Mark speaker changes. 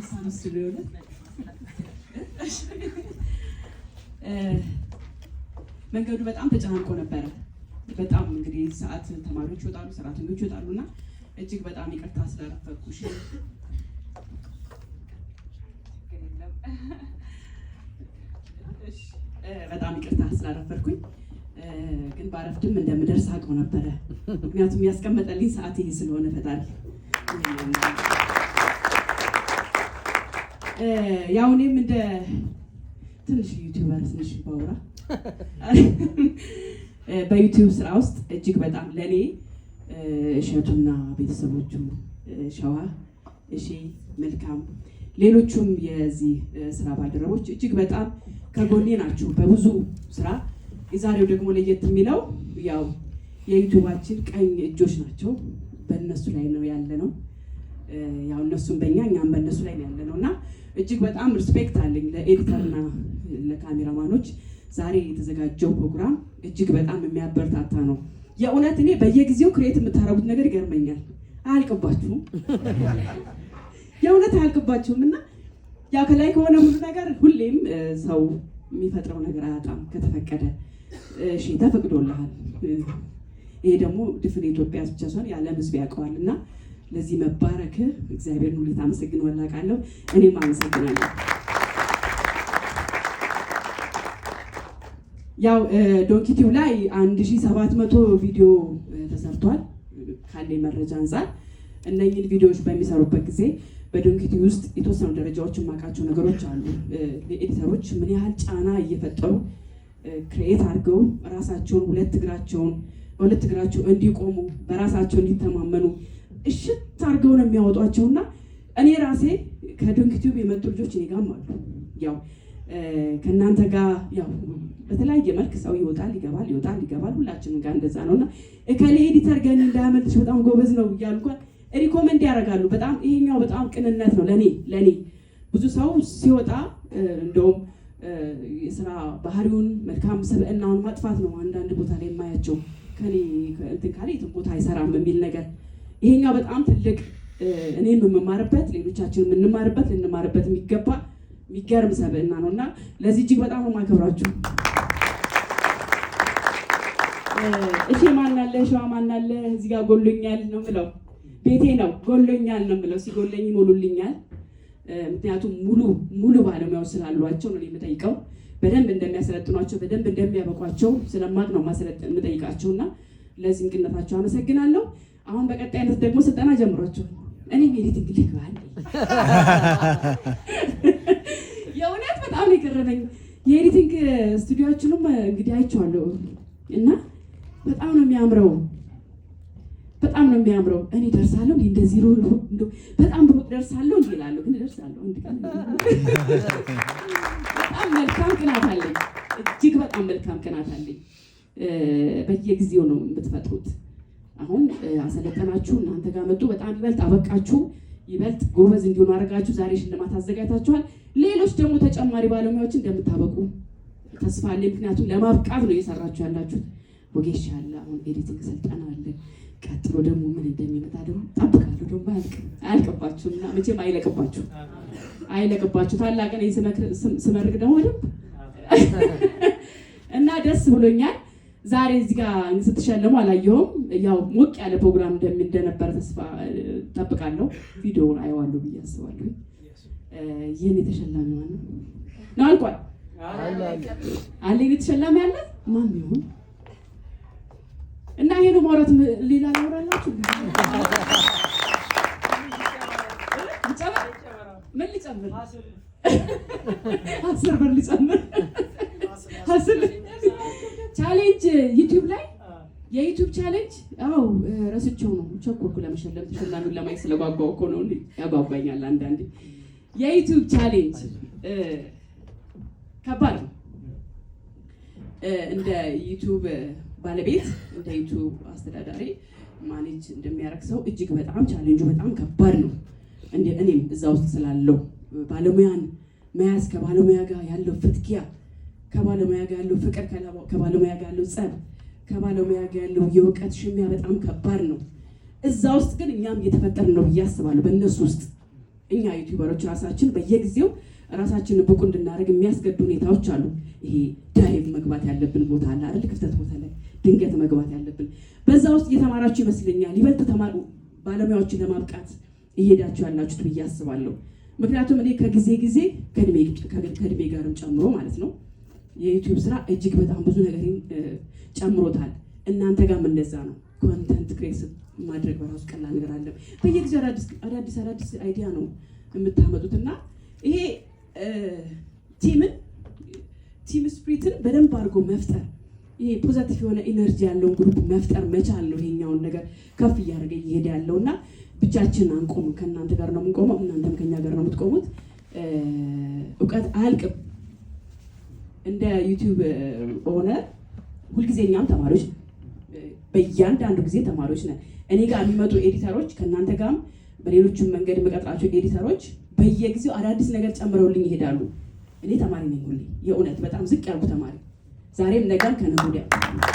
Speaker 1: ልሳን ውስጥ መንገዱ በጣም ተጨናንቆ ነበረ። በጣም እንግዲህ ሰዓት ተማሪዎች ይወጣሉ፣ ሰራተኞች ይወጣሉ እና እጅግ በጣም ይቅርታ ስላረፈኩሽ። በጣም ይቅርታ ስላረፈርኩኝ ግን ባረፍድም እንደምደርስ አውቀው ነበረ። ምክንያቱም ያስቀመጠልኝ ሰዓት ይሄ ስለሆነ ፈጣሪ ያው እኔም እንደ ትንሽ ዩቲዩበር ትንሽ ባውራ በዩቲዩብ ስራ ውስጥ እጅግ በጣም ለእኔ እሸቱና ቤተሰቦቹ ሸዋ እሺ፣ መልካም ሌሎቹም የዚህ ስራ ባልደረቦች እጅግ በጣም ከጎኔ ናችሁ በብዙ ስራ። የዛሬው ደግሞ ለየት የሚለው ያው የዩቲዩባችን ቀኝ እጆች ናቸው። በእነሱ ላይ ነው ያለ ነው። ያው እነሱም በእኛ እኛም በእነሱ ላይ ያለ ነው እና እጅግ በጣም ሪስፔክት አለኝ ለኤዲተርና ለካሜራማኖች። ዛሬ የተዘጋጀው ፕሮግራም እጅግ በጣም የሚያበረታታ ነው። የእውነት እኔ በየጊዜው ክሬት የምታረጉት ነገር ይገርመኛል። አያልቅባችሁም፣ የእውነት አያልቅባችሁም እና ያው ከላይ ከሆነ ሁሉ ነገር ሁሌም ሰው የሚፈጥረው ነገር አያጣም ከተፈቀደ እሺ ተፈቅዶልሃል። ይሄ ደግሞ ድፍን ኢትዮጵያ ብቻ ሳይሆን የዓለም ሕዝብ ያውቀዋል እና ለዚህ መባረክ እግዚአብሔርን ሁሌ ታመሰግን ወላቃለሁ። እኔም አመሰግናለሁ። ያው ዶንኪቲው ላይ 1700 ቪዲዮ ተሰርቷል ካለ መረጃ አንጻር እነኝን ቪዲዮዎች በሚሰሩበት ጊዜ በዶንኪቲ ውስጥ የተወሰኑ ደረጃዎች የማውቃቸው ነገሮች አሉ። ኤዲተሮች ምን ያህል ጫና እየፈጠሩ ክሬት አድርገው ራሳቸውን ሁለት እግራቸውን በሁለት እግራቸው እንዲቆሙ በራሳቸው እንዲተማመኑ እሽት አድርገው ነው የሚያወጧቸውና እኔ ራሴ ከድንክ ቲዩብ የመጡ ልጆች እኔ ጋርም አሉ። ያው ከእናንተ ጋር ያው በተለያየ መልክ ሰው ይወጣል ይገባል፣ ይወጣል ይገባል፣ ሁላችንም ጋር እንደዛ ነውና እከሌ ኤዲተር ገን እንዳያመልጥሽ በጣም ጎበዝ ነው እያሉ እንኳን ሪኮመንድ ያደርጋሉ። በጣም ይሄኛው በጣም ቅንነት ነው ለኔ ለኔ ብዙ ሰው ሲወጣ እንደውም የስራ ባህሪውን መልካም ስብዕናውን ማጥፋት ነው አንዳንድ ቦታ ላይ የማያቸው ከኔ ካለ የትም ቦታ አይሰራም የሚል ነገር ይሄኛው በጣም ትልቅ እኔም የምማርበት ሌሎቻችን የምንማርበት ልንማርበት የሚገባ የሚገርም ሰብዕና ነው እና ለዚህ እጅግ በጣም ማከብራችሁ። እሺ ማናለ ሸዋ ማናለ እዚህ ጋር ጎሎኛል ነው ምለው፣ ቤቴ ነው ጎሎኛል ነው ምለው። ሲጎለኝ ይሞሉልኛል። ምክንያቱም ሙሉ ሙሉ ባለሙያዎች ስላሏቸው ነው የምጠይቀው። በደንብ እንደሚያሰለጥኗቸው በደንብ እንደሚያበቋቸው ስለማቅ ነው የምጠይቃቸው እና ለዚህ እንግነታቸው አመሰግናለሁ። አሁን በቀጣይነት ደግሞ ስልጠና ጀምሯቸዋል። እኔ ሜዲቲንግ ልግባል። የእውነት በጣም የገረመኝ የኤዲቲንግ ስቱዲዮችንም እንግዲህ አይቼዋለሁ እና በጣም ነው የሚያምረው፣ በጣም ነው የሚያምረው። እኔ ደርሳለሁ እንዲ እንደዚህ ሮ በጣም ብሩቅ ደርሳለሁ እንዲ እላለሁ፣ ግን ደርሳለሁ። በጣም መልካም ቅናት አለኝ፣ እጅግ በጣም መልካም ቅናት አለኝ። በየጊዜው ነው የምትፈጥሩት አሁን አሰለጠናችሁ፣ እናንተ ጋር መጡ፣ በጣም ይበልጥ አበቃችሁ፣ ይበልጥ ጎበዝ እንዲሆኑ አድርጋችሁ ዛሬ ሽልማት አዘጋጅታችኋል። ሌሎች ደግሞ ተጨማሪ ባለሙያዎች እንደምታበቁ ተስፋ አለ። ምክንያቱም ለማብቃት ነው እየሰራችሁ ያላችሁት። ወጌሻ አለ፣ አሁን ኤዲቲንግ ስልጠና አለ። ቀጥሎ ደግሞ ምን እንደሚመጣ ደግሞ ጠብቃለሁ። ደግሞ አያልቅባችሁም እና መቼም አይለቅባችሁ አይለቅባችሁ። ታላቅ ነኝ ስመርቅ ደግሞ እና ደስ ብሎኛል። ዛሬ እዚህ ጋር ስትሸለሙ አላየሁም። ያው ሞቅ ያለ ፕሮግራም እንደነበረ ተስፋ ጠብቃለሁ። ቪዲዮውን አየዋለሁ ብዬ አስባለሁ። ይህን የተሸላሚ ዋና ነው አልቋል አለ የተሸላሚ ያለ ማን ይሁን እና ይሄን ማውራት ሌላ ላውራላችሁ። ምን ልጨምር? አስር ብር ልጨምር ዩቲዩብ ላይ የዩቲዩብ ቻሌንጅ አው ረስቼው ነው ቸኮልኩ ለመሸለም ተሸላሚውን ለማየት ስለጓጓው እኮ ነው ያጓጓኛል። አንዳንዴ የዩቲዩብ ቻሌንጅ ከባድ ነው። እንደ ዩቲዩብ ባለቤት እንደ ዩቲዩብ አስተዳዳሪ ማኔጅ እንደሚያደርግ ሰው እጅግ በጣም ቻሌንጁ በጣም ከባድ ነው። እኔም እዛ ውስጥ ስላለው ባለሙያን መያዝ ከባለሙያ ጋር ያለው ፍትኪያ ከባለሙያ ጋር ያለው ፍቅር፣ ከባለሙያ ጋር ያለው ጸብ፣ ከባለሙያ ጋር ያለው የእውቀት ሽሚያ በጣም ከባድ ነው። እዛ ውስጥ ግን እኛም እየተፈጠርን ነው ብዬ አስባለሁ። በእነሱ ውስጥ እኛ ዩቲዩበሮች ራሳችን በየጊዜው ራሳችንን ብቁ እንድናደርግ የሚያስገዱ ሁኔታዎች አሉ። ይሄ ዳይቭ መግባት ያለብን ቦታ አለ አይደል? ክፍተት ቦታ ላይ ድንገት መግባት ያለብን በዛ ውስጥ እየተማራችሁ ይመስለኛል። ይበልጥ ባለሙያዎችን ለማብቃት እየሄዳችሁ ያላችሁት ብዬ አስባለሁ። ምክንያቱም እኔ ከጊዜ ጊዜ ከእድሜ ጋርም ጨምሮ ማለት ነው የዩቲዩብ ስራ እጅግ በጣም ብዙ ነገር ጨምሮታል። እናንተ ጋርም እንደዛ ነው። ኮንተንት ክሬስ ማድረግ በራሱ ቀላል ነገር አለም። በየጊዜው አዳዲስ አዳዲስ አይዲያ ነው የምታመጡት እና ይሄ ቲምን ቲም ስፕሪትን በደንብ አድርጎ መፍጠር ይሄ ፖዘቲቭ የሆነ ኢነርጂ ያለውን ግሩፕ መፍጠር መቻል ነው ይሄኛውን ነገር ከፍ እያደረገ እየሄደ ያለው እና ብቻችን አንቆምም። ከእናንተ ጋር ነው የምንቆመው፣ እናንተም ከኛ ጋር ነው የምትቆሙት። እውቀት አያልቅም። እንደ ዩቲዩብ ኦነር ሁልጊዜ እኛም ተማሪዎች በእያንዳንዱ ጊዜ ተማሪዎች ነን። እኔ ጋር የሚመጡ ኤዲተሮች ከእናንተ ጋርም በሌሎችም መንገድ የምቀጥራቸው ኤዲተሮች በየጊዜው አዳዲስ ነገር ጨምረውልኝ ይሄዳሉ። እኔ ተማሪ ነኝ ሁሌ የእውነት በጣም ዝቅ ያልኩ ተማሪ ዛሬም ነገር ከነገ